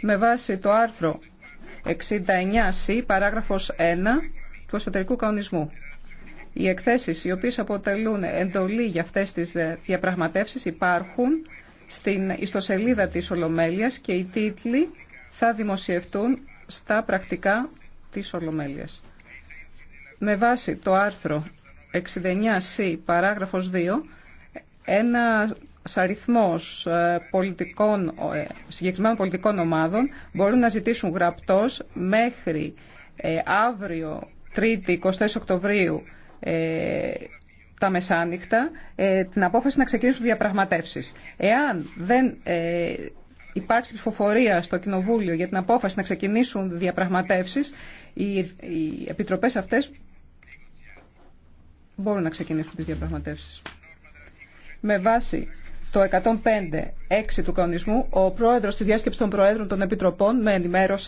με βάση το άρθρο 69C παράγραφος 1 του εσωτερικού κανονισμού. Οι εκθέσεις οι οποίες αποτελούν εντολή για αυτές τις ε, διαπραγματεύσεις υπάρχουν στην ιστοσελίδα της Ολομέλειας και οι τίτλοι θα δημοσιευτούν στα πρακτικά της Ολομέλειας. Με βάση το άρθρο 69C παράγραφος 2 ένα αριθμός ε, πολιτικών, ε, συγκεκριμένων πολιτικών ομάδων μπορούν να ζητήσουν γραπτός μέχρι ε, αύριο, 3η, 24 Οκτωβρίου, τα μεσάνυχτα, την απόφαση να ξεκινήσουν διαπραγματεύσεις. Εάν δεν υπάρξει ψηφοφορία στο Κοινοβούλιο για την απόφαση να ξεκινήσουν διαπραγματεύσεις, οι, οι επιτροπές αυτές μπορούν να ξεκινήσουν τις διαπραγματεύσεις. Με βάση το 6 του κανονισμού, ο πρόεδρος τη διάσκεψη των Προέδρων των Επιτροπών με ενημέρωσε